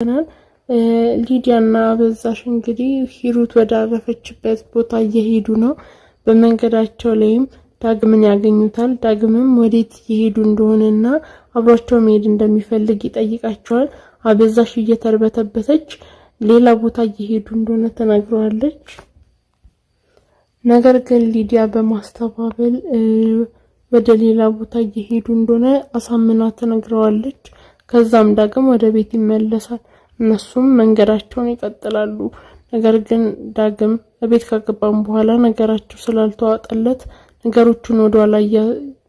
ይሆናል ሊዲያና አበዛሽ እንግዲህ ሂሩት ወዳረፈችበት ቦታ እየሄዱ ነው። በመንገዳቸው ላይም ዳግምን ያገኙታል። ዳግምም ወዴት እየሄዱ እንደሆነና አብሯቸው መሄድ እንደሚፈልግ ይጠይቃቸዋል። አበዛሽ እየተርበተበተች ሌላ ቦታ እየሄዱ እንደሆነ ተናግረዋለች። ነገር ግን ሊዲያ በማስተባበል ወደ ሌላ ቦታ እየሄዱ እንደሆነ አሳምና ተነግረዋለች። ከዛም ዳግም ወደ ቤት ይመለሳል። እነሱም መንገዳቸውን ይቀጥላሉ። ነገር ግን ዳግም እቤት ካገባም በኋላ ነገራቸው ስላልተዋጠለት ነገሮቹን ኋላ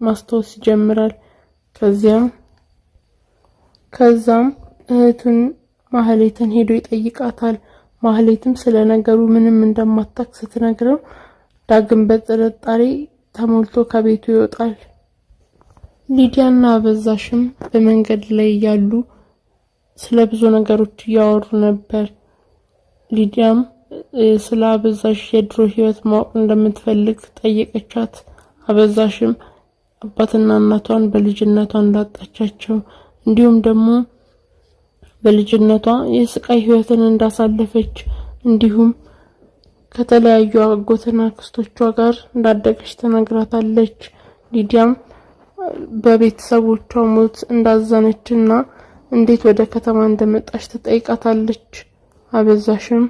ማስታወስ ይጀምራል። ከዚያም ከዛም እህቱን ማህሌትን ሄዶ ይጠይቃታል። ማህሌትም ስለ ነገሩ ምንም እንደማታውቅ ስትነግረው ዳግም በጥርጣሬ ተሞልቶ ከቤቱ ይወጣል። ሊዲያና አበዛሽም በመንገድ ላይ እያሉ ስለ ብዙ ነገሮች እያወሩ ነበር። ሊዲያም ስለ አበዛሽ የድሮ ህይወት ማወቅ እንደምትፈልግ ጠየቀቻት። አበዛሽም አባትና እናቷን በልጅነቷ እንዳጣቻቸው እንዲሁም ደግሞ በልጅነቷ የስቃይ ህይወትን እንዳሳለፈች እንዲሁም ከተለያዩ አጎትና ክስቶቿ ጋር እንዳደገች ተነግራታለች። ሊዲያም በቤተሰቦቿ ሞት እንዳዘነችና እንዴት ወደ ከተማ እንደመጣች ትጠይቃታለች። አበዛሽም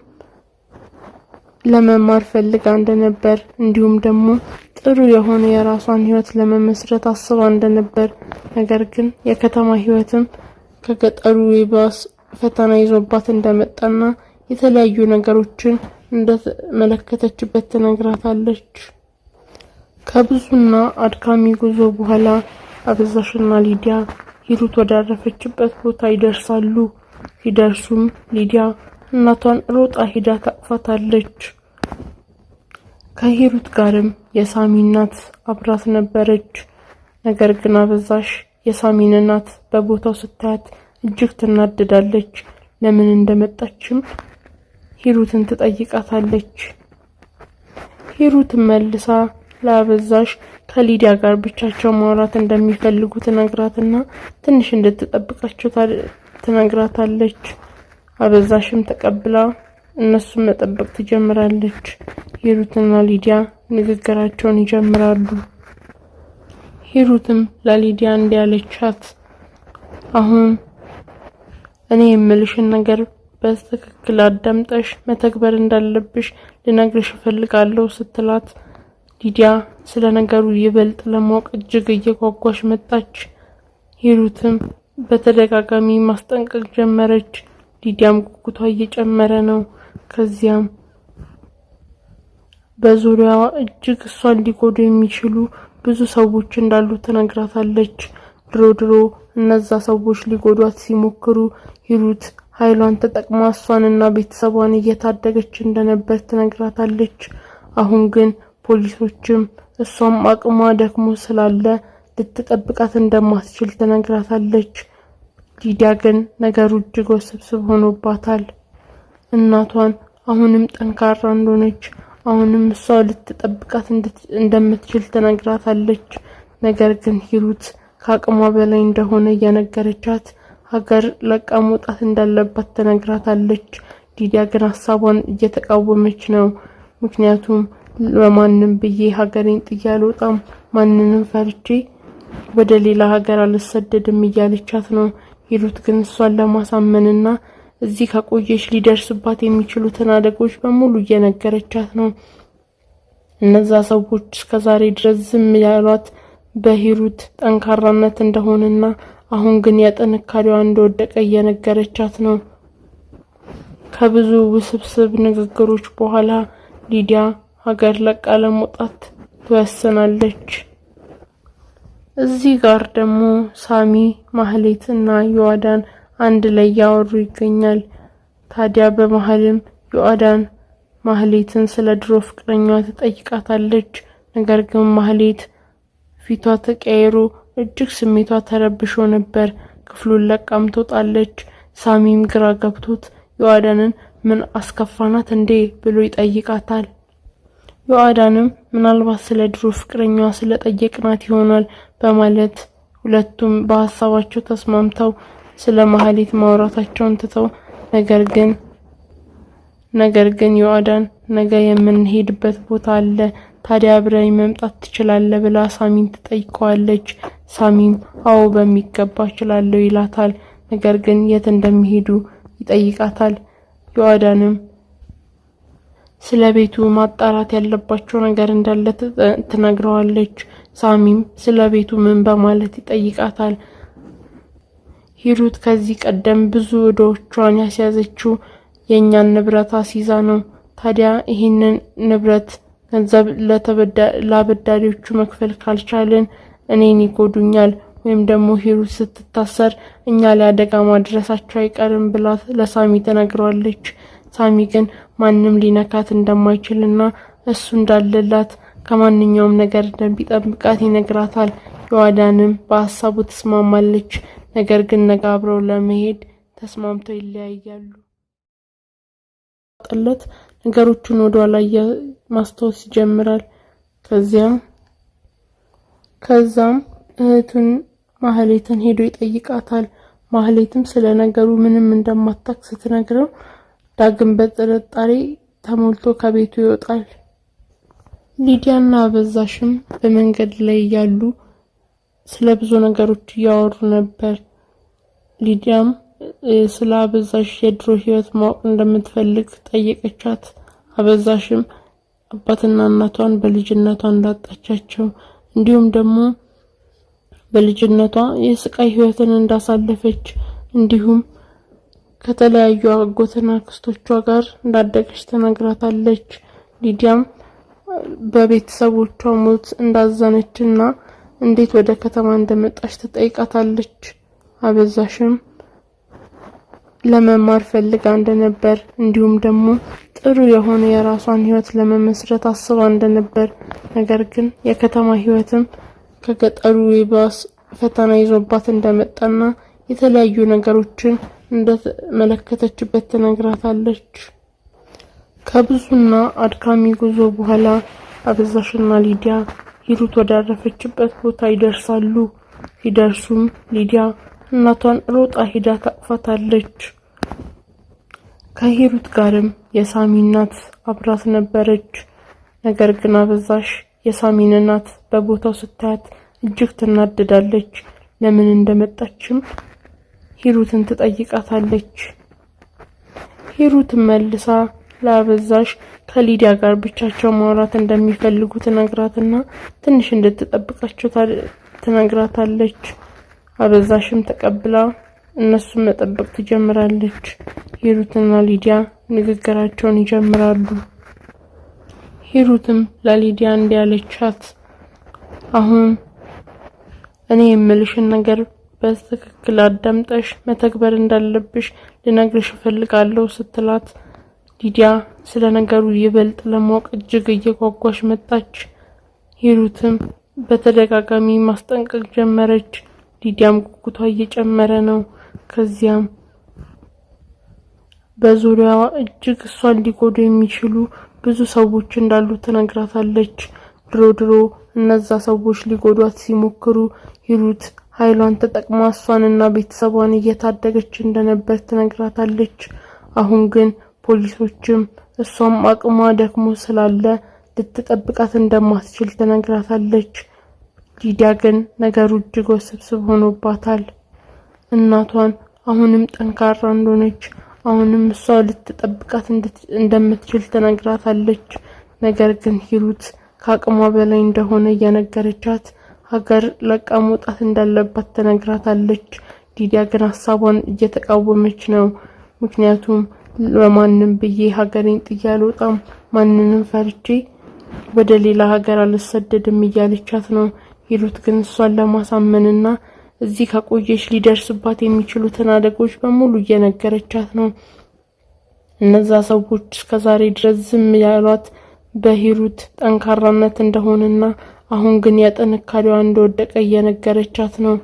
ለመማር ፈልጋ እንደነበር እንዲሁም ደግሞ ጥሩ የሆነ የራሷን ህይወት ለመመስረት አስባ እንደነበር፣ ነገር ግን የከተማ ህይወትም ከገጠሩ ይባስ ፈተና ይዞባት እንደመጣና የተለያዩ ነገሮችን እንደተመለከተችበት ትነግራታለች። ከብዙና አድካሚ ጉዞ በኋላ አበዛሽና ሊዲያ ሂሩት ወዳረፈችበት ቦታ ይደርሳሉ። ሲደርሱም ሊዲያ እናቷን ሮጣ ሂዳ ታቅፋታለች። ከሂሩት ጋርም የሳሚ እናት አብራት ነበረች። ነገር ግን አበዛሽ የሳሚን እናት በቦታው ስታያት እጅግ ትናደዳለች። ለምን እንደመጣችም ሂሩትን ትጠይቃታለች። ሂሩት መልሳ ለአበዛሽ ከሊዲያ ጋር ብቻቸው ማውራት እንደሚፈልጉ ትነግራትና ትንሽ እንድትጠብቃቸው ትነግራታለች። አበዛሽም ተቀብላ እነሱን መጠበቅ ትጀምራለች። ሂሩትና ሊዲያ ንግግራቸውን ይጀምራሉ። ሂሩትም ለሊዲያ እንዲያለቻት አሁን እኔ የምልሽን ነገር በትክክል አዳምጠሽ መተግበር እንዳለብሽ ልነግርሽ እፈልጋለሁ ስትላት ሊዲያ ስለ ነገሩ ይበልጥ ለማወቅ እጅግ እየጓጓች መጣች። ሂሩትም በተደጋጋሚ ማስጠንቀቅ ጀመረች። ሊዲያም ጉጉቷ እየጨመረ ነው። ከዚያም በዙሪያዋ እጅግ እሷን ሊጎዱ የሚችሉ ብዙ ሰዎች እንዳሉ ትነግራታለች። ድሮ ድሮ እነዛ ሰዎች ሊጎዷት ሲሞክሩ ሂሩት ኃይሏን ተጠቅማ እሷንና ቤተሰቧን እየታደገች እንደነበር ትነግራታለች። አሁን ግን ፖሊሶችም እሷም አቅሟ ደክሞ ስላለ ልትጠብቃት እንደማትችል ትነግራታለች። ሊዲያ ግን ነገሩ እጅግ ውስብስብ ሆኖባታል። እናቷን አሁንም ጠንካራ እንደሆነች አሁንም እሷ ልትጠብቃት እንደምትችል ትነግራታለች። ነገር ግን ሂሩት ከአቅሟ በላይ እንደሆነ እየነገረቻት ሀገር ለቃ መውጣት እንዳለባት ትነግራታለች። ሊዲያ ግን ሀሳቧን እየተቃወመች ነው። ምክንያቱም በማንም ብዬ ሀገሬን ጥዬ አልወጣም፣ ማንንም ፈርቼ ወደ ሌላ ሀገር አልሰደድም እያለቻት ነው። ሂሩት ግን እሷን ለማሳመንና እዚህ ከቆየች ሊደርስባት የሚችሉትን አደጎች በሙሉ እየነገረቻት ነው። እነዛ ሰዎች እስከዛሬ ድረስ ዝም ያሏት በሂሩት ጠንካራነት እንደሆነና አሁን ግን ያጠነካሪዋ እንደወደቀ እየነገረቻት ነው። ከብዙ ውስብስብ ንግግሮች በኋላ ሊዲያ ሀገር ለቃ ለመውጣት ትወስናለች። እዚህ ጋር ደግሞ ሳሚ ማህሌት እና ዮአዳን አንድ ላይ ያወሩ ይገኛል። ታዲያ በመሀልም ዮአዳን ማህሌትን ስለ ድሮ ፍቅረኛዋ ትጠይቃታለች። ነገር ግን ማህሌት ፊቷ ተቀይሮ እጅግ ስሜቷ ተረብሾ ነበር። ክፍሉን ለቃም ትወጣለች። ሳሚም ግራ ገብቶት ዮአዳንን ምን አስከፋናት እንዴ ብሎ ይጠይቃታል። ዮአዳንም ምናልባት ስለ ድሮ ፍቅረኛዋ ስለ ጠየቅናት ይሆናል በማለት ሁለቱም በሀሳባቸው ተስማምተው ስለ መሀሌት ማውራታቸውን ትተው ነገር ግን ነገር ግን ዮአዳን ነገ የምንሄድበት ቦታ አለ ታዲያ አብረኝ መምጣት ትችላለ ብላ ሳሚን ትጠይቀዋለች። ሳሚም አዎ በሚገባ እችላለሁ ይላታል። ነገር ግን የት እንደሚሄዱ ይጠይቃታል። ዮአዳንም ስለ ቤቱ ማጣራት ያለባቸው ነገር እንዳለ ትነግረዋለች። ሳሚም ስለ ቤቱ ምን በማለት ይጠይቃታል። ሂሩት ከዚህ ቀደም ብዙ ዕዳዎቿን ያስያዘችው የእኛን ንብረት አስይዛ ነው። ታዲያ ይህንን ንብረት ገንዘብ ለአበዳሪዎቹ መክፈል ካልቻልን እኔን ይጎዱኛል ወይም ደግሞ ሂሩት ስትታሰር እኛ ላይ አደጋ ማድረሳቸው አይቀርም ብላት ለሳሚ ተነግረዋለች። ሳሚ ግን ማንም ሊነካት እንደማይችል እና እሱ እንዳለላት ከማንኛውም ነገር እንደሚጠብቃት ይነግራታል። ዮአዳንም በሀሳቡ ትስማማለች። ነገር ግን ነገ አብረው ለመሄድ ተስማምተው ይለያያሉ። ጠለት ነገሮቹን ወደ ኋላ ማስታወስ ይጀምራል። ከዚያም ከዛም እህቱን ማህሌትን ሄዶ ይጠይቃታል። ማህሌትም ስለ ነገሩ ምንም እንደማታውቅ ስትነግረው ዳግም በጥርጣሬ ተሞልቶ ከቤቱ ይወጣል። ሊዲያና አበዛሽም በመንገድ ላይ እያሉ ስለ ብዙ ነገሮች እያወሩ ነበር። ሊዲያም ስለ አበዛሽ የድሮ ህይወት ማወቅ እንደምትፈልግ ጠየቀቻት። አበዛሽም አባትና እናቷን በልጅነቷ እንዳጣቻቸው እንዲሁም ደግሞ በልጅነቷ የስቃይ ህይወትን እንዳሳለፈች እንዲሁም ከተለያዩ አጎትና ክስቶቿ ጋር እንዳደገች ትነግራታለች። ሊዲያም በቤተሰቦቿ ሞት እንዳዘነችና እንዴት ወደ ከተማ እንደመጣች ትጠይቃታለች። አበዛሽም ለመማር ፈልጋ እንደነበር እንዲሁም ደግሞ ጥሩ የሆነ የራሷን ህይወት ለመመስረት አስባ እንደነበር ነገር ግን የከተማ ህይወትም ከገጠሩ ይባስ ፈተና ይዞባት እንደመጣና የተለያዩ ነገሮችን እንደተመለከተችበት ትነግራታለች። ከብዙና አድካሚ ጉዞ በኋላ አበዛሽና ሊዲያ ሂሩት ወዳረፈችበት ቦታ ይደርሳሉ። ሲደርሱም ሊዲያ እናቷን ሮጣ ሂዳ ታቅፋታለች። ከሂሩት ጋርም የሳሚ እናት አብራት ነበረች። ነገር ግን አበዛሽ የሳሚን እናት በቦታው ስታያት እጅግ ትናደዳለች። ለምን እንደመጣችም ሂሩትን ትጠይቃታለች። ሂሩት መልሳ ላበዛሽ ከሊዲያ ጋር ብቻቸው ማውራት እንደሚፈልጉ ትነግራትና ትንሽ እንድትጠብቃቸው ትነግራታለች። አበዛሽም ተቀብላ እነሱን መጠበቅ ትጀምራለች። ሂሩትና ሊዲያ ንግግራቸውን ይጀምራሉ። ሂሩትም ለሊዲያ እንዲያለቻት አሁን እኔ የምልሽን ነገር በትክክል አዳምጠሽ መተግበር እንዳለብሽ ልነግርሽ እፈልጋለሁ ስትላት ሊዲያ ስለ ነገሩ ይበልጥ ለማወቅ እጅግ እየጓጓች መጣች። ሂሩትም በተደጋጋሚ ማስጠንቀቅ ጀመረች። ሊዲያም ጉጉቷ እየጨመረ ነው። ከዚያም በዙሪያዋ እጅግ እሷን ሊጎዱ የሚችሉ ብዙ ሰዎች እንዳሉ ትነግራታለች። ድሮ ድሮ እነዛ ሰዎች ሊጎዷት ሲሞክሩ ሂሩት ኃይሏን ተጠቅማ እሷንና ቤተሰቧን እየታደገች እንደነበር ትነግራታለች። አሁን ግን ፖሊሶችም እሷም አቅሟ ደክሞ ስላለ ልትጠብቃት እንደማትችል ትነግራታለች። ሊዲያ ግን ነገሩ እጅግ ውስብስብ ሆኖባታል። እናቷን አሁንም ጠንካራ እንደሆነች አሁንም እሷ ልትጠብቃት እንደምትችል ትነግራታለች። ነገር ግን ሂሩት ከአቅሟ በላይ እንደሆነ እየነገረቻት ሀገር ለቃ መውጣት እንዳለባት ተነግራታለች። ዲዲያ ግን ሀሳቧን እየተቃወመች ነው። ምክንያቱም ለማንም ብዬ ሀገሬን ጥዬ አልወጣም፣ ማንንም ፈርቼ ወደ ሌላ ሀገር አልሰደድም እያለቻት ነው። ሂሩት ግን እሷን ለማሳመንና እዚህ ከቆየች ሊደርስባት የሚችሉትን አደጎች በሙሉ እየነገረቻት ነው። እነዛ ሰዎች እስከዛሬ ድረስ ዝም ያሏት በሂሩት ጠንካራነት እንደሆነና አሁን ግን የጥንካሬዋ እንደወደቀ እየነገረቻት ነው።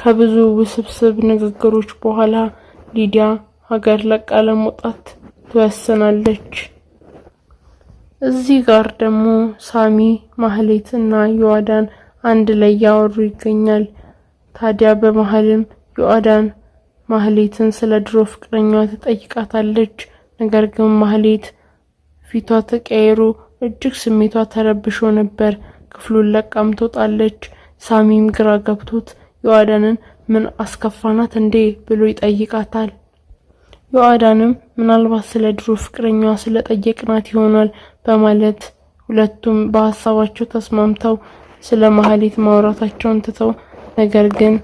ከብዙ ውስብስብ ንግግሮች በኋላ ሊዲያ ሀገር ለቃ ለመውጣት ትወስናለች። እዚህ ጋር ደግሞ ሳሚ ማህሌት እና ዮአዳን አንድ ላይ ያወሩ ይገኛል። ታዲያ በመሀልም ዮአዳን ማህሌትን ስለ ድሮ ፍቅረኛዋ ትጠይቃታለች። ነገር ግን ማህሌት ፊቷ ተቀይሮ እጅግ ስሜቷ ተረብሾ ነበር። ክፍሉን ለቃም ትወጣለች። ሳሚም ግራ ገብቶት ዮአዳንን ምን አስከፋናት እንዴ ብሎ ይጠይቃታል። ዮአዳንም ምናልባት ስለ ድሮ ፍቅረኛዋ ስለ ጠየቅናት ይሆናል በማለት ሁለቱም በሀሳባቸው ተስማምተው ስለ መሀሌት ማውራታቸውን ትተው ነገር ግን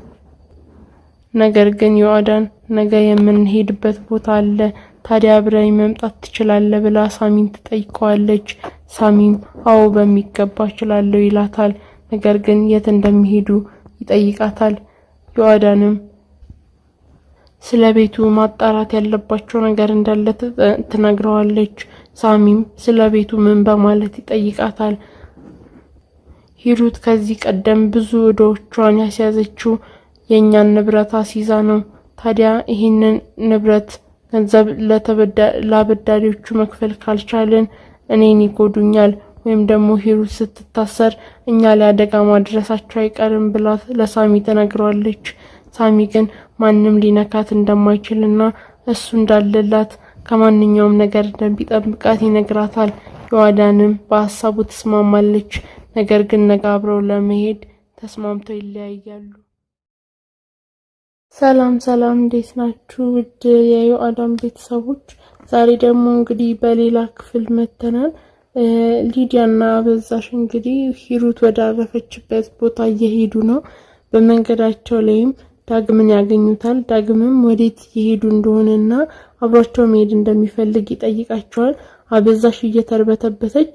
ነገር ግን ዮአዳን ነገ የምንሄድበት ቦታ አለ ታዲያ አብረኝ መምጣት ትችላለህ ብላ ሳሚን ትጠይቀዋለች። ሳሚም አዎ በሚገባ እችላለሁ ይላታል። ነገር ግን የት እንደሚሄዱ ይጠይቃታል። ዮአዳንም ስለ ቤቱ ማጣራት ያለባቸው ነገር እንዳለ ትነግረዋለች። ሳሚም ስለ ቤቱ ምን በማለት ይጠይቃታል። ሂሩት ከዚህ ቀደም ብዙ እዳዎቿን ያስያዘችው የእኛን ንብረት አስይዛ ነው። ታዲያ ይህንን ንብረት ገንዘብ ለአበዳሪዎቹ መክፈል ካልቻልን እኔን ይጎዱኛል ወይም ደግሞ ሂሩት ስትታሰር እኛ ላይ አደጋ ማድረሳቸው አይቀርም ብላ ለሳሚ ተነግሯለች። ሳሚ ግን ማንም ሊነካት እንደማይችልና እሱ እንዳለላት ከማንኛውም ነገር እንደሚጠብቃት ይነግራታል። ዮአዳንም በሀሳቡ ትስማማለች። ነገር ግን ነገ አብረው ለመሄድ ተስማምተው ይለያያሉ። ሰላም ሰላም እንዴት ናችሁ? ውድ አዳም ቤተሰቦች፣ ዛሬ ደግሞ እንግዲህ በሌላ ክፍል መተናል። ሊዲያና አበዛሽ እንግዲህ ሂሩት ወዳረፈችበት ቦታ እየሄዱ ነው። በመንገዳቸው ላይም ዳግምን ያገኙታል። ዳግምም ወዴት እየሄዱ እንደሆነና አብሯቸው መሄድ እንደሚፈልግ ይጠይቃቸዋል። አበዛሽ እየተርበተበተች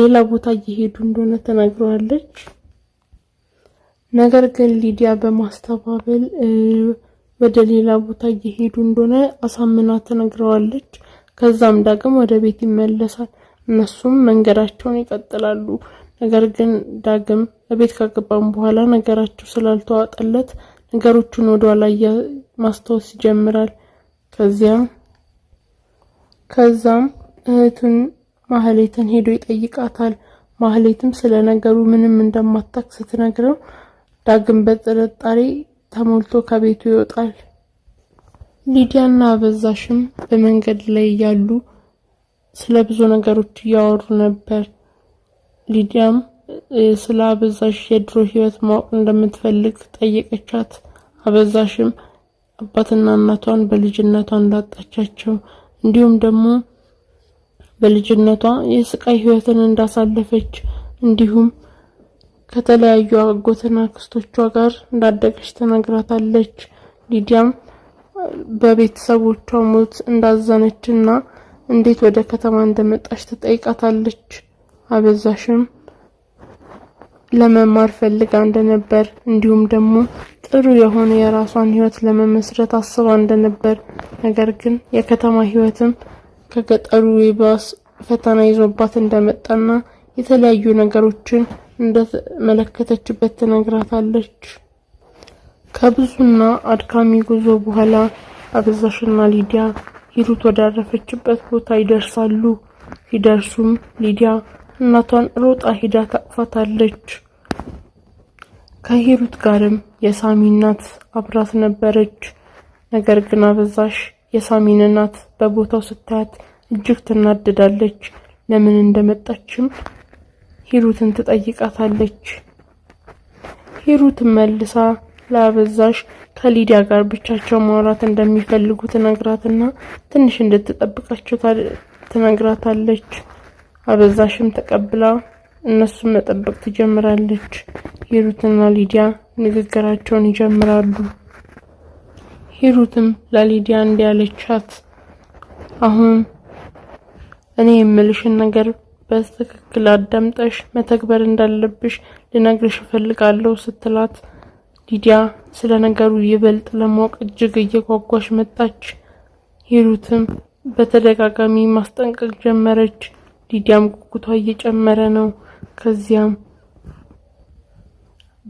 ሌላ ቦታ እየሄዱ እንደሆነ ተናግረዋለች። ነገር ግን ሊዲያ በማስተባበል ወደ ሌላ ቦታ እየሄዱ እንደሆነ አሳምና ተነግረዋለች። ከዛም ዳግም ወደ ቤት ይመለሳል። እነሱም መንገዳቸውን ይቀጥላሉ። ነገር ግን ዳግም ቤት ከገባም በኋላ ነገራቸው ስላልተዋጠለት ነገሮቹን ወደኋላ ማስታወስ ይጀምራል። ከዚያም ከዛም እህቱን ማህሌትን ሄዶ ይጠይቃታል። ማህሌትም ስለ ነገሩ ምንም እንደማታውቅ ስትነግረው ዳግም በጥርጣሬ ተሞልቶ ከቤቱ ይወጣል። ሊዲያና አበዛሽም በመንገድ ላይ እያሉ ስለ ብዙ ነገሮች እያወሩ ነበር። ሊዲያም ስለ አበዛሽ የድሮ ህይወት ማወቅ እንደምትፈልግ ጠየቀቻት። አበዛሽም አባትና እናቷን በልጅነቷ እንዳጣቻቸው እንዲሁም ደግሞ በልጅነቷ የስቃይ ህይወትን እንዳሳለፈች እንዲሁም ከተለያዩ አጎትና ክስቶቿ ጋር እንዳደገች ተነግራታለች። ሊዲያም በቤተሰቦቿ ሞት እንዳዘነችና እንዴት ወደ ከተማ እንደመጣች ተጠይቃታለች። አበዛሽም ለመማር ፈልጋ እንደነበር እንዲሁም ደግሞ ጥሩ የሆነ የራሷን ህይወት ለመመስረት አስባ እንደነበር፣ ነገር ግን የከተማ ህይወትም ከገጠሩ ይባስ ፈተና ይዞባት እንደመጣና የተለያዩ ነገሮችን እንደተመለከተችበት ትነግራታለች። ከብዙና አድካሚ ጉዞ በኋላ አበዛሽና ሊዲያ ሂሩት ወዳረፈችበት ቦታ ይደርሳሉ። ሲደርሱም ሊዲያ እናቷን ሮጣ ሂዳ ታቅፋታለች። ከሂሩት ጋርም የሳሚ እናት አብራት ነበረች። ነገር ግን አበዛሽ የሳሚን እናት በቦታው ስታያት እጅግ ትናደዳለች። ለምን እንደመጣችም ሂሩትን ትጠይቃታለች። ሂሩት መልሳ ለአበዛሽ ከሊዲያ ጋር ብቻቸው ማውራት እንደሚፈልጉ ትነግራትና ትንሽ እንድትጠብቃቸው ትነግራታለች። አበዛሽም ተቀብላ እነሱን መጠበቅ ትጀምራለች። ሂሩትና ሊዲያ ንግግራቸውን ይጀምራሉ። ሂሩትም ለሊዲያ እንዲያለቻት አሁን እኔ የምልሽን ነገር በትክክል አዳምጠሽ መተግበር እንዳለብሽ ልነግርሽ እፈልጋለሁ ስትላት ሊዲያ ስለ ነገሩ ይበልጥ ለማወቅ እጅግ እየጓጓች መጣች። ሂሩትም በተደጋጋሚ ማስጠንቀቅ ጀመረች። ሊዲያም ጉጉቷ እየጨመረ ነው። ከዚያም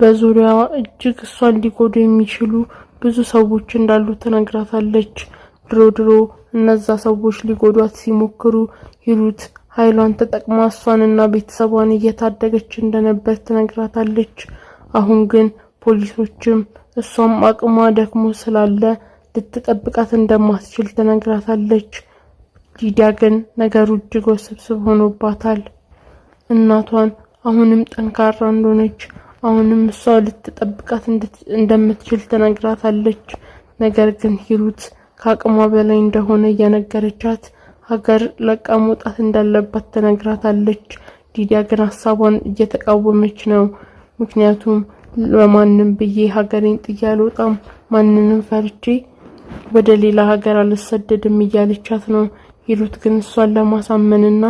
በዙሪያዋ እጅግ እሷን ሊጎዱ የሚችሉ ብዙ ሰዎች እንዳሉ ተነግራታለች። ድሮ ድሮ እነዛ ሰዎች ሊጎዷት ሲሞክሩ ሂሩት ኃይሏን ተጠቅማ እሷንና ቤተሰቧን እየታደገች እንደነበር ትነግራታለች። አሁን ግን ፖሊሶችም እሷም አቅሟ ደክሞ ስላለ ልትጠብቃት እንደማትችል ትነግራታለች። ሊዲያ ግን ነገሩ እጅግ ውስብስብ ሆኖባታል። እናቷን አሁንም ጠንካራ እንደሆነች አሁንም እሷ ልትጠብቃት እንደምትችል ትነግራታለች። ነገር ግን ሂሩት ከአቅሟ በላይ እንደሆነ እየነገረቻት ሀገር ለቃ መውጣት እንዳለባት ተነግራታለች። ዲዲያ ግን ሀሳቧን እየተቃወመች ነው። ምክንያቱም ለማንም ብዬ ሀገሬን ጥዬ አልወጣም፣ ማንንም ፈርቼ ወደ ሌላ ሀገር አልሰደድም እያለቻት ነው። ሂሩት ግን እሷን ለማሳመንና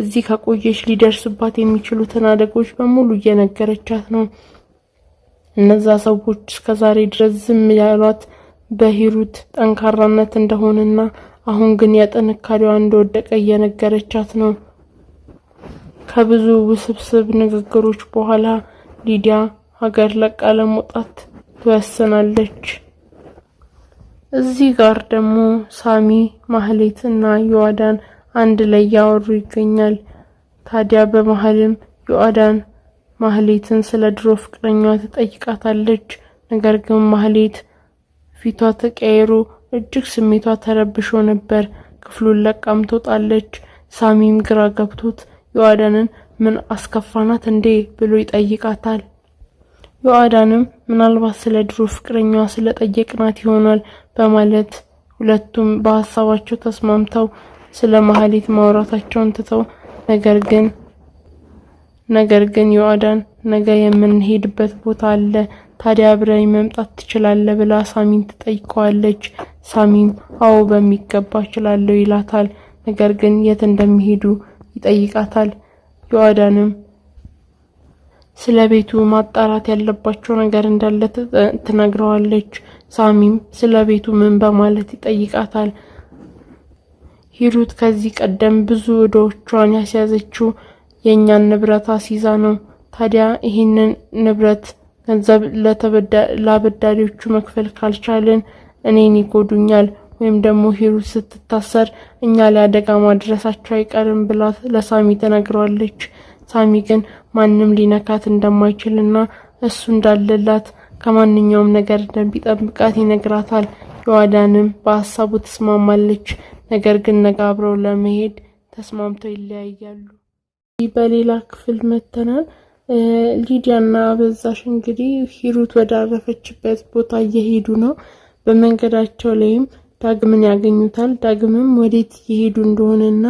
እዚህ ከቆየች ሊደርስባት የሚችሉትን አደጎች በሙሉ እየነገረቻት ነው። እነዛ ሰዎች እስከዛሬ ድረስ ዝም ያሏት በሂሩት ጠንካራነት እንደሆነና አሁን ግን የጥንካሬዋ እንደወደቀ እየነገረቻት ነው። ከብዙ ውስብስብ ንግግሮች በኋላ ሊዲያ ሀገር ለቃ ለመውጣት ትወስናለች። እዚህ ጋር ደግሞ ሳሚ ማህሌት እና ዮአዳን አንድ ላይ ያወሩ ይገኛል። ታዲያ በመሀልም ዮአዳን ማህሌትን ስለ ድሮ ፍቅረኛዋ ትጠይቃታለች። ነገር ግን ማህሌት ፊቷ ተቀይሮ እጅግ ስሜቷ ተረብሾ ነበር። ክፍሉን ለቃም ትወጣለች። ሳሚም ግራ ገብቶት ዮአዳንን ምን አስከፋናት እንዴ ብሎ ይጠይቃታል። ዮአዳንም ምናልባት ስለ ድሮ ፍቅረኛዋ ስለ ጠየቅናት ይሆናል በማለት ሁለቱም በሀሳባቸው ተስማምተው ስለ መሀሌት ማውራታቸውን ትተው ነገር ግን ነገር ግን ዮአዳን ነገ የምንሄድበት ቦታ አለ፣ ታዲያ አብረኝ መምጣት ትችላለህ ብላ ሳሚን ትጠይቀዋለች። ሳሚም አዎ በሚገባ እችላለሁ ይላታል። ነገር ግን የት እንደሚሄዱ ይጠይቃታል። ዮአዳንም ስለ ቤቱ ማጣራት ያለባቸው ነገር እንዳለ ትነግረዋለች። ሳሚም ስለ ቤቱ ምን በማለት ይጠይቃታል። ሂሩት ከዚህ ቀደም ብዙ እዳዎቿን ያስያዘችው የእኛን ንብረት አስይዛ ነው። ታዲያ ይህንን ንብረት ገንዘብ ለአበዳሪዎቹ መክፈል ካልቻልን እኔን ይጎዱኛል ወይም ደግሞ ሂሩት ስትታሰር እኛ ላይ አደጋ ማድረሳቸው አይቀርም ብላ ለሳሚ ተነግሯለች። ሳሚ ግን ማንም ሊነካት እንደማይችልና እሱ እንዳለላት ከማንኛውም ነገር እንደሚጠብቃት ይነግራታል። የዋዳንም በሀሳቡ ተስማማለች። ነገር ግን ነገ አብረው ለመሄድ ተስማምተው ይለያያሉ። በሌላ ክፍል መተናል። ሊዲያ አበዛሽ በዛሽ እንግዲህ ሂሩት ወዳረፈችበት ቦታ እየሄዱ ነው። በመንገዳቸው ላይም ዳግምን ያገኙታል። ዳግምም ወዴት እየሄዱ እንደሆነና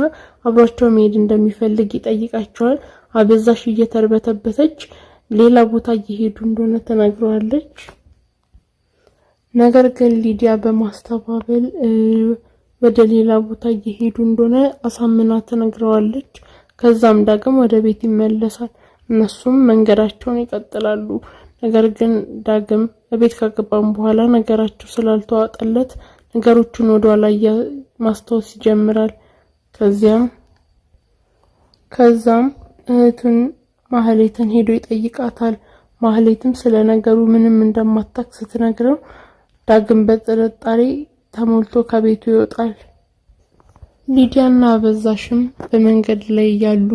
አብሯቸው መሄድ እንደሚፈልግ ይጠይቃቸዋል። አበዛሽ እየተርበተበተች ሌላ ቦታ እየሄዱ እንደሆነ ተናግረዋለች። ነገር ግን ሊዲያ በማስተባበል ወደ ሌላ ቦታ እየሄዱ እንደሆነ አሳምና ተነግረዋለች። ከዛም ዳግም ወደ ቤት ይመለሳል። እነሱም መንገዳቸውን ይቀጥላሉ። ነገር ግን ዳግም በቤት ካገባም በኋላ ነገራቸው ስላልተዋጠለት ነገሮቹን ወደኋላ ማስታወስ ይጀምራል። ከዚያም ከዛም እህቱን ማህሌትን ሄዶ ይጠይቃታል። ማህሌትም ስለ ነገሩ ምንም እንደማታክ ስትነግረው ዳግም በጥርጣሬ ተሞልቶ ከቤቱ ይወጣል። ሊዲያና አበዛሽም በመንገድ ላይ እያሉ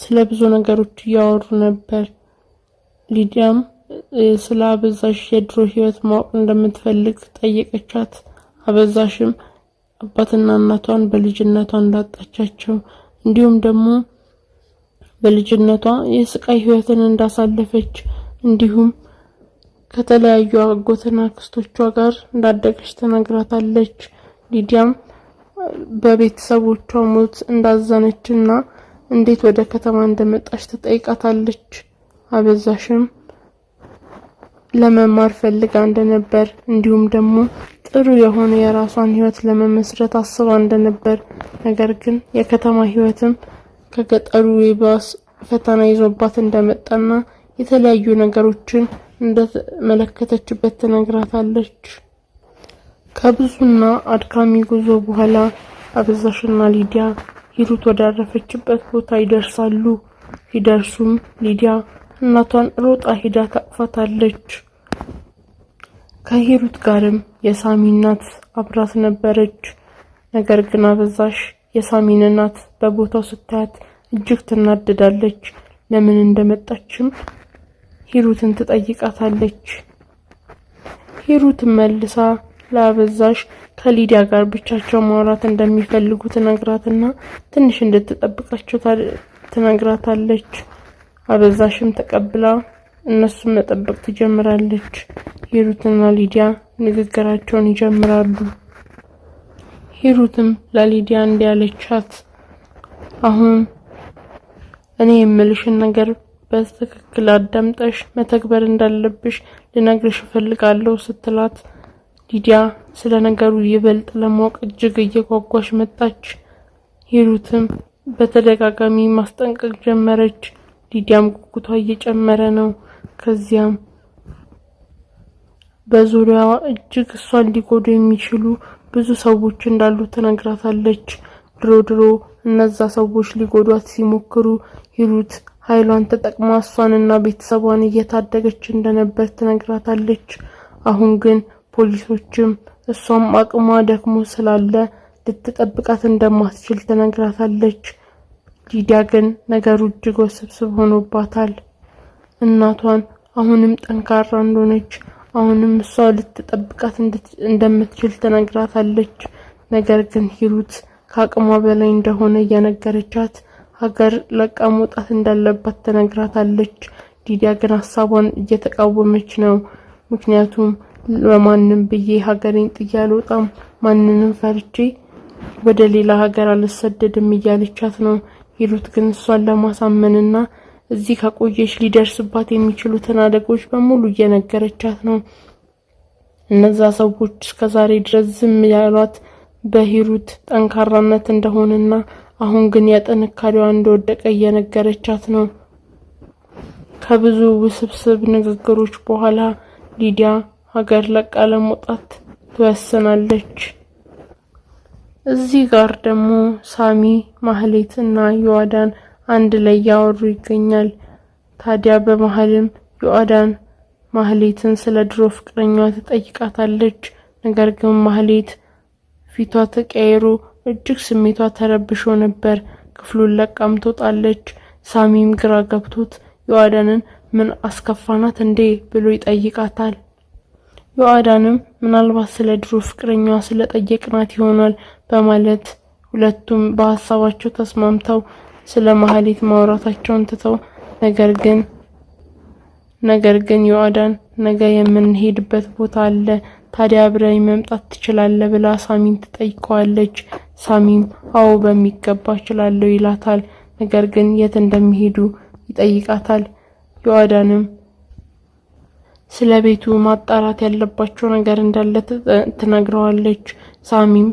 ስለ ብዙ ነገሮች እያወሩ ነበር። ሊዲያም ስለ አበዛሽ የድሮ ህይወት ማወቅ እንደምትፈልግ ጠየቀቻት። አበዛሽም አባትና እናቷን በልጅነቷ እንዳጣቻቸው እንዲሁም ደግሞ በልጅነቷ የስቃይ ህይወትን እንዳሳለፈች እንዲሁም ከተለያዩ አጎትና ክስቶቿ ጋር እንዳደገች ተነግራታለች። ሊዲያም በቤተሰቦቿ ሞት እንዳዘነችና እንዴት ወደ ከተማ እንደመጣች ትጠይቃታለች። አበዛሽም ለመማር ፈልጋ እንደነበር እንዲሁም ደግሞ ጥሩ የሆነ የራሷን ህይወት ለመመስረት አስባ እንደነበር፣ ነገር ግን የከተማ ህይወትም ከገጠሩ ይባስ ፈተና ይዞባት እንደመጣና የተለያዩ ነገሮችን እንደተመለከተችበት ትነግራታለች። ከብዙና አድካሚ ጉዞ በኋላ አበዛሽና ሊዲያ ሂሩት ወዳረፈችበት ቦታ ይደርሳሉ። ሲደርሱም ሊዲያ እናቷን ሮጣ ሂዳ ታቅፋታለች። ከሂሩት ጋርም የሳሚ እናት አብራት ነበረች። ነገር ግን አበዛሽ የሳሚን እናት በቦታው ስታያት እጅግ ትናደዳለች። ለምን እንደመጣችም ሂሩትን ትጠይቃታለች። ሂሩት መልሳ ለአበዛሽ ከሊዲያ ጋር ብቻቸው ማውራት እንደሚፈልጉ ትነግራትና ትንሽ እንድትጠብቃቸው ትነግራታለች። አበዛሽም ተቀብላ እነሱን መጠበቅ ትጀምራለች። ሂሩትና ሊዲያ ንግግራቸውን ይጀምራሉ። ሂሩትም ለሊዲያ እንዲያለቻት አሁን እኔ የምልሽን ነገር በትክክል አዳምጠሽ መተግበር እንዳለብሽ ልነግርሽ እፈልጋለሁ ስትላት ሊዲያ ስለ ነገሩ ይበልጥ ለማወቅ እጅግ እየጓጓች መጣች። ሂሩትም በተደጋጋሚ ማስጠንቀቅ ጀመረች። ሊዲያም ጉጉቷ እየጨመረ ነው። ከዚያም በዙሪያዋ እጅግ እሷን ሊጎዱ የሚችሉ ብዙ ሰዎች እንዳሉ ትነግራታለች። ድሮ ድሮ እነዛ ሰዎች ሊጎዷት ሲሞክሩ ሂሩት ኃይሏን ተጠቅማ እሷንና ቤተሰቧን እየታደገች እንደነበር ትነግራታለች። አሁን ግን ፖሊሶችም እሷም አቅሟ ደክሞ ስላለ ልትጠብቃት እንደማትችል ትነግራታለች። ሊዲያ ግን ነገሩ እጅግ ውስብስብ ሆኖባታል። እናቷን አሁንም ጠንካራ እንደሆነች አሁንም እሷ ልትጠብቃት እንደምትችል ትነግራታለች። ነገር ግን ሂሩት ከአቅሟ በላይ እንደሆነ እየነገረቻት ሀገር ለቃ መውጣት እንዳለባት ትነግራታለች። ሊዲያ ግን ሀሳቧን እየተቃወመች ነው። ምክንያቱም በማንም ብዬ ሀገሬን ጥዬ አልወጣም፣ ማንንም ፈርቼ ወደ ሌላ ሀገር አልሰደድም እያለቻት ነው። ሂሩት ግን እሷን ለማሳመንና እዚህ ከቆየች ሊደርስባት የሚችሉትን አደጎች በሙሉ እየነገረቻት ነው። እነዛ ሰዎች እስከዛሬ ድረስ ዝም ያሏት በሂሩት ጠንካራነት እንደሆነና አሁን ግን ያጠነካሪዋ እንደወደቀ እየነገረቻት ነው። ከብዙ ውስብስብ ንግግሮች በኋላ ሊዲያ ሀገር ለቃ ለመውጣት ትወስናለች። እዚህ ጋር ደግሞ ሳሚ ማህሌት እና ዮአዳን አንድ ላይ ያወሩ ይገኛል። ታዲያ በመሀልም ዮአዳን ማህሌትን ስለ ድሮ ፍቅረኛዋ ትጠይቃታለች። ነገር ግን ማህሌት ፊቷ ተቀይሮ እጅግ ስሜቷ ተረብሾ ነበር። ክፍሉን ለቃም ትወጣለች። ሳሚም ግራ ገብቶት ዮአዳንን ምን አስከፋናት እንዴ ብሎ ይጠይቃታል። ዮአዳንም ምናልባት ስለ ድሮ ፍቅረኛዋ ስለ ጠየቅናት ይሆናል በማለት ሁለቱም በሀሳባቸው ተስማምተው ስለ መሀሌት ማውራታቸውን ትተው ነገር ግን ነገር ግን ዮአዳን ነገ የምንሄድበት ቦታ አለ ታዲያ አብረኝ መምጣት ትችላለ ብላ ሳሚን ትጠይቀዋለች። ሳሚም አዎ በሚገባ እችላለሁ ይላታል። ነገር ግን የት እንደሚሄዱ ይጠይቃታል። ዮአዳንም ስለ ቤቱ ማጣራት ያለባቸው ነገር እንዳለ ትነግረዋለች። ሳሚም